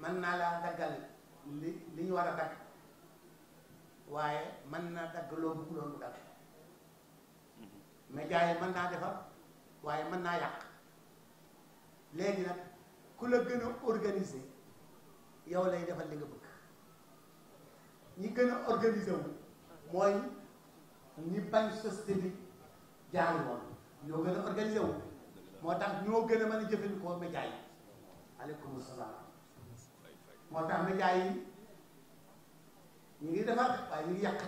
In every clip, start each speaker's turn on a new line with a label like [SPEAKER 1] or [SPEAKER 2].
[SPEAKER 1] mën naa laa daggal li li ñu war a dagg waaye mën naa daggaloo loo bëgg loolu dagg mais jaay mën naa defar waaye mën naa yàq léegi nag ku la gën a organisé yow lay defal li nga bëgg ñi gën a organisé wu mooy ñi bañ société bi jaay woon ñoo wu moo tax ñoo gën a mën a jëfandikoo média yi aleykum salaam moo tax média yi ngi defar waaye ñu ngi yàq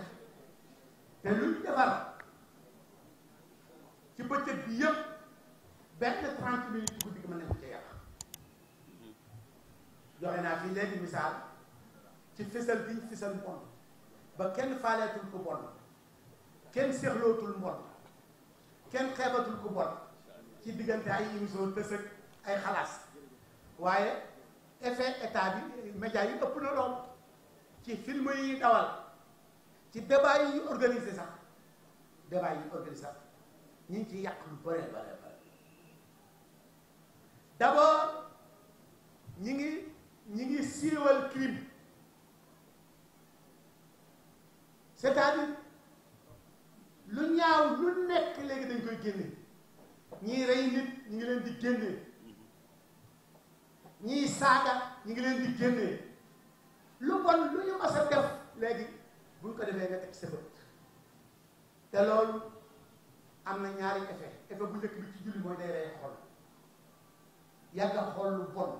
[SPEAKER 1] te lu ñu defar ci bëccëg bi yëpp benn trente minutes ci guddi gi mën nañ ko yàq joxe naa fii léegi misaal ci fisal bi ñu fisal mbon ba kenn faaleetul ku bon kenn seexlootul mbon kenn xeebatul ku bon ci diggante ay émission tës ay xalaas waaye effet état bi média yi ëpp na lool ci film yi dawal ci débat yi ñu organisé sax débat yi ñu organisé sax ñu ngi ciy yàq lu bare bare bare d'abord ñi ngi ñi ngi siiwal crime c'est-à-dire lu ñaaw lu nekk léegi dañ koy génne ñiy rey nit ñu ngi leen di génne ñii saaga ñu ngi leen di génnee lu bon lu ñu mas def léegi buñ ko defee nga teg sa te loolu am na ñaari effet effet bu njëkk bi ci julli mooy day rey xol yàgg a xool lu bon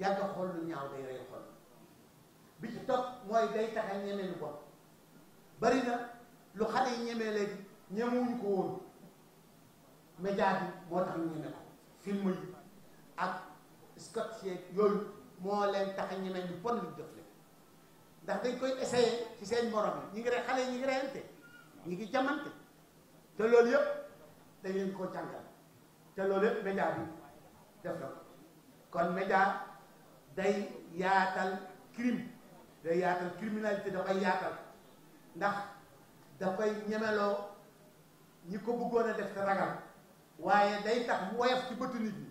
[SPEAKER 1] yàgg a xool lu ñaaw day rey xol bi ci topp mooy day taxal ñeme lu bon bari na lu xale yi léegi ñemewuñu ko woon média bi moo tax ñeme ko film yi ak scotch yeeg yooyu moo leen tax a ñemee ñu bon lu def leen ndax dañ koy essayé ci seen morom ñi ngi re xale yi ñu ngi reyante ñu ngi jamante te loolu yëpp dañ leen koo jàngal te loolu yëpp média bi def na kon média day yaatal crime day yaatal criminalité da koy yaatal ndax da koy ñemeloo ñi ko bëggoon a def te ragal waaye day tax mu woyof ci bëtu nit ñi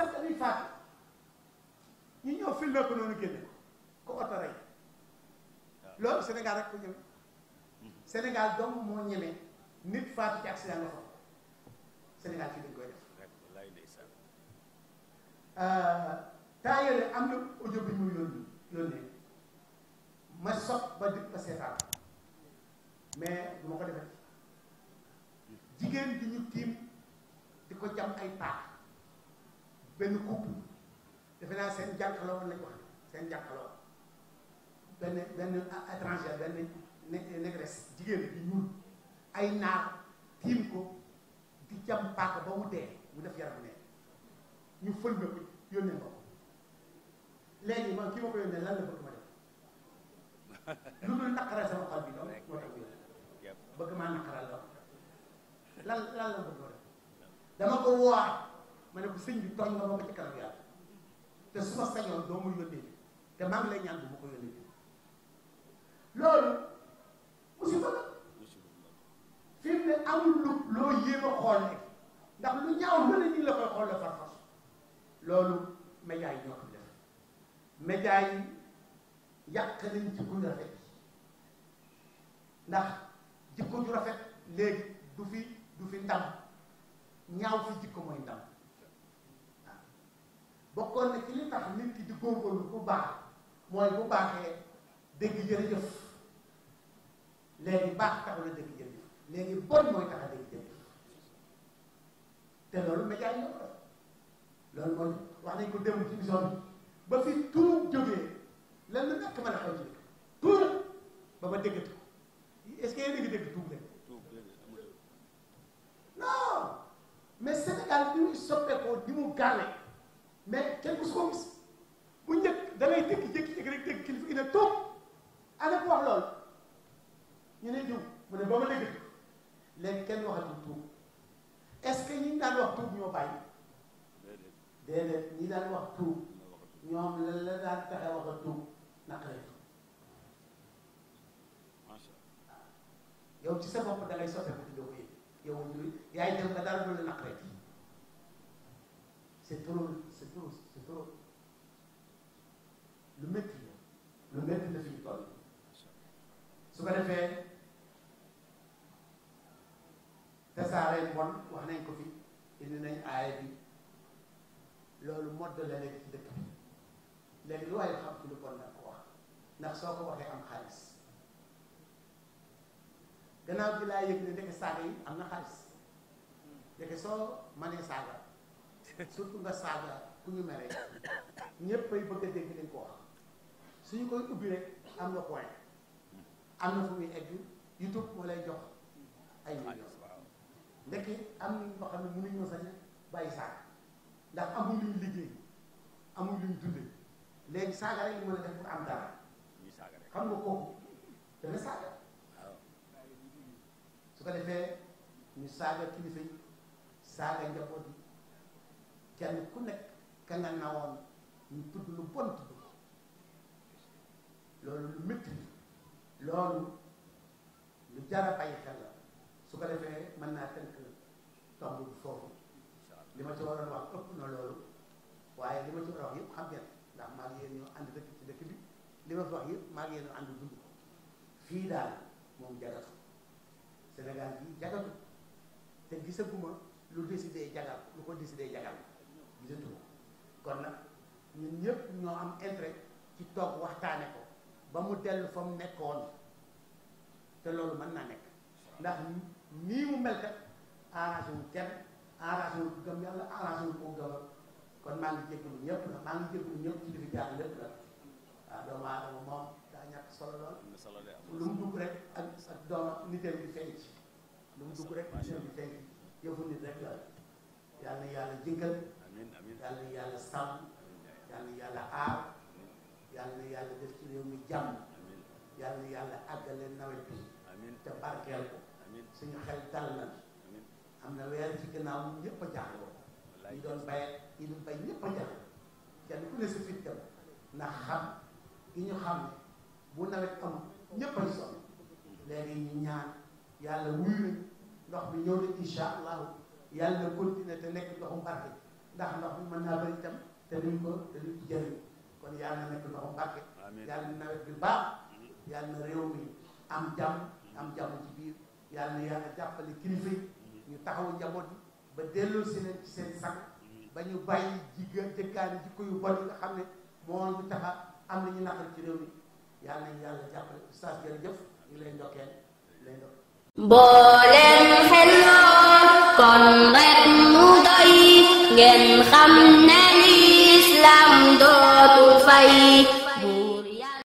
[SPEAKER 1] sax dañuy faatu ñu ñëw fil na ko noonu génne ko oto rey loolu Sénégal rek ko ñëme Sénégal dong moo ñeme nit faatu ci accident nga fa Sénégal fii dañ koy def euh, temps yooyu am na audio bi muy yónni yónnee ma sopp ba di ko seetaan mais du ma ko defee hmm. jigéen di ñu tiim di ko jam ay paak benn couple defe naa seen jànkaloo woon nañ wax seen jànkaloo benn benn étranger benn négresse jigéen bi ñuul ay naar tiim ko di jam paaka ba mu mu def yaram ne ñu fël na ko yónnee ma man kii ma ko yónnee lan la bëgg ma def lu dul naqaral sama xol bi noonu bëgg maa naqaral la lan lan la bëgg ma dama ko woo ma ne ko sëñ bi tooñ nga ma ko ci kanam yàlla te su ma sañoon doo yónnee te maa lay ñaan bu ma ko yónnee loolu musiba la fi mu ne amul lu loo yéem xool ne ndax lu ñaaw lu ne ñu la koy xoolee far far loolu média yi ñoo ko def média yi yàq nañ jikko ju rafet ndax jikko ju rafet léegi du fi du fi ndam ñaaw fi jikko mooy ndam bokkoon na ci li tax nit ki di góorgóorlu bu baax mooy bu baaxee dégg jërëjëf léegi baax taxu la dégg jërëjëf léegi bon mooy tax a dégg jërëjëf te loolu média yi ñoo loolu mooy wax nañ ko démb ci émission bi ba fi tuur jógee lan la nekk mën a xew ci dëkk tuur ba ba déggati ko est-ce que yéen a ngi dégg tuub rek non mais Sénégal bi muy soppeekoo ni mu gàllee mais kenn ku si ko gis bu njëkk da ngay dégg jékki rek dégg kilifa gi ne toog ana wax loolu ñu ne diw mu ne ba léegi kenn waxatul tuub est-ce que ñi daan wax tuub ñoo daan wax tuub ñoom la la daan fexe wax a tuub naqaree yow ci sa bopp da ngay soppe ko di doo yaay dem nga dara du la naqaree c'est trop c'est trop c'est trop lu métti la lu métti la fi toll su ko defee tasaare mbon wax nañ ko fi indi nañ aaya bi loolu modd la nekk ci dëkk bi lu waaye xam ci lu bon nag ko wax ndax soo ko waxee am xaalis gannaaw bi laa yëg ne ndeke saaga yi am na xaalis ndeke soo mënee saaga surtout nga saaga ku ñu mere ñépp ay bëgg a dégg liñ ko wax suñu koy ubbi rek am na point am na fu muy egg youtube moo lay jox ay millions ndekki am na ñoo xam ne mënuñ ma sañ bàyyi saaga ndax amul luñ liggéey amul luñ dunde léegi saaga rek mën a def pour am dara xam nga kooku dana saaga su ko defee ñu saaga kilifa yi saaga njaboot yi kenn ku nekk ka nga nawoon ñu tudd lu bon tudd loolu lu métti loolu lu jara xel la su ko defee mën naa tënk tomb bi foofu li ma ci waroon wax ëpp na loolu waaye li ma ci war a wax yëpp xam ngeen ndax maa ñoo ànd dëkk ci dëkk bi li ma fi wax yëpp maa ñoo ànd dund ko fii daal moom jagatu Sénégal bi jagatu te gisaguma lu décidé jagal lu ko décidé jagal gisatu ko kon nag ñun ñëpp ñoo am intérêt ci toog waxtaane ko ba mu dellu fa mu nekkoon te loolu mën naa nekk ndax nii mu mel kat arrangé wu kenn gëm yàlla arrangé wu ko gëm kon maa ngi jégalu ñëpp la maa ngi jégalu ñëpp ci li fi jaar lépp la doomu aadama moom daa ñàkk solo lool lu mu dugg rek ak ak dooma bi feeñ lu mu dugg rek nitam bi feeñ yëfu nit rek la yàlla yàlla jëngal yàlla na yàlla sàmm yàlla na yàlla aar yàlla yàlla def ci réew mi jàmm yàlla na yàlla àggale nawet bi te barkeel ko suñu xel dal na am na weer ci gannaaw ñëpp a jaaxloo ñu doon bay ñu doon bay ñëpp a jaaxloo kenn ku ne si fit tam ndax xam gi ñu xam bu nawet am ñëpp a sonn léegi ñu ñaan yàlla wuyu ndox mi ñëw na incha allahu yàlla na continuer te nekk ndoxu barke ndax ndox mi mën naa bëri itam te duñ ko te duñ ci jëriñ kon yàlla na nekk ndoxu Mbàkke yàlla na nawet bi baax yàlla na réew mi am jàmm am jàmm ci biir yàlla na yàlla jàppale kilifa yi ñu taxawu njaboot yi ba delloo si leen ci seen sang ba yu bon yi nga xam ne moo ñu taxa am nañu naqar ci réew mi yàlla nañu yàlla jàppale oustaz jërëjëf kon rek mu doy ngeen xam ne lislaam dootul fay